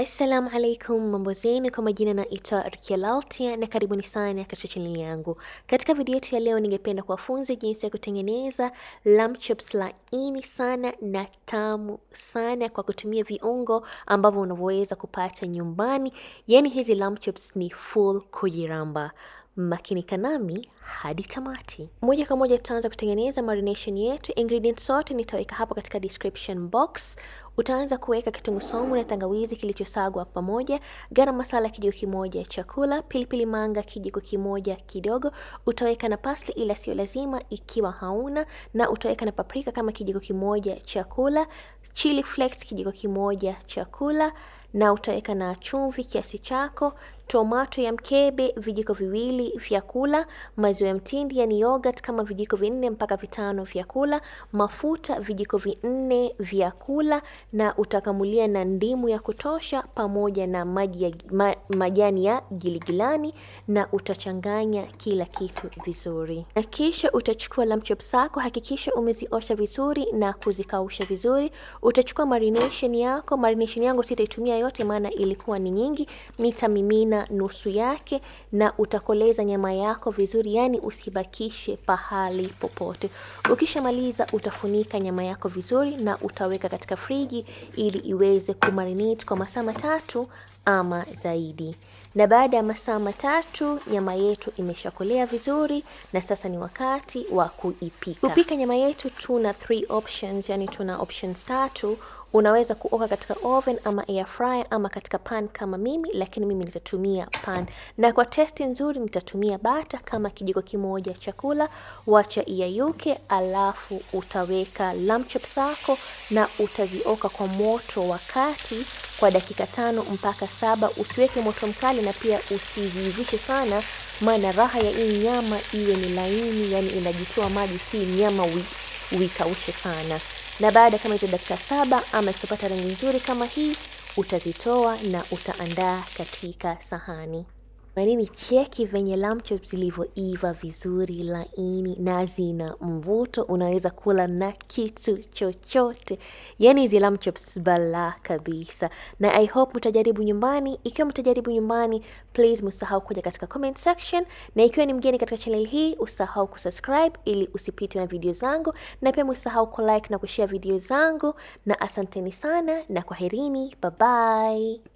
Assalamu alaikum, mambo zenu? Kwa majina naitwa Rukia Laltia na karibuni sana katika chaneli yangu. Katika video yetu ya leo, ningependa kuwafunza jinsi ya kutengeneza lamb chops laini sana na tamu sana kwa kutumia viungo ambavyo unavyoweza kupata nyumbani. Yaani hizi lamb chops ni full kujiramba. Makinika nami hadi tamati. Moja kwa moja tutaanza kutengeneza marination yetu. Ingredients zote nitaweka hapo katika description box. Utaanza kuweka kitunguu saumu na tangawizi kilichosagwa pamoja, garam masala kijiko kimoja chakula, pilipili manga kijiko kimoja kidogo. Utaweka na parsley, ila sio lazima ikiwa hauna, na utaweka na paprika kama kijiko kimoja chakula, chili flakes kijiko kimoja chakula, na utaweka na chumvi kiasi chako tomato ya mkebe vijiko viwili vyakula, maziwa ya mtindi yani yogurt kama vijiko vinne mpaka vitano vyakula, mafuta vijiko vinne vyakula, na utakamulia na ndimu ya kutosha pamoja na maji ya, ma, majani ya giligilani na utachanganya kila kitu vizuri, na kisha utachukua lamb chops zako, hakikisha umeziosha vizuri na kuzikausha vizuri. Utachukua marination yako, marination yangu sitaitumia yote maana ilikuwa ni nyingi, nitamimina nusu yake na utakoleza nyama yako vizuri, yani usibakishe pahali popote. Ukishamaliza utafunika nyama yako vizuri na utaweka katika friji ili iweze kumarinate kwa masaa matatu ama zaidi. Na baada ya masaa matatu nyama yetu imeshakolea vizuri, na sasa ni wakati wa kuipika. Kupika nyama yetu tuna three options, yani tuna options tatu. Unaweza kuoka katika oven ama air fryer ama katika pan kama mimi, lakini mimi nitatumia pan, na kwa testi nzuri nitatumia bata kama kijiko kimoja chakula, wacha iyayuke, alafu utaweka lamb chops zako na utazioka kwa moto wa kati kwa dakika tano mpaka saba. Usiweke moto mkali na pia usizivishe sana, maana raha ya hii nyama iwe ni laini, yani inajitoa maji, si nyama uikaushe sana na baada kama hizo dakika saba ama ikipata rangi nzuri kama hii utazitoa na utaandaa katika sahani manini cheki venye lamb chops zilivyoiva vizuri laini na zina mvuto, unaweza kula na kitu chochote. yani hizi lamb chops bala kabisa, na I hope mtajaribu nyumbani. Ikiwa mtajaribu nyumbani, please msahau kuja katika comment section, na ikiwa ni mgeni katika channel hii, usahau kusubscribe ili usipitwe na video zangu, na pia msahau ku like na kushare video zangu, na asanteni sana na kwaherini, bye bye.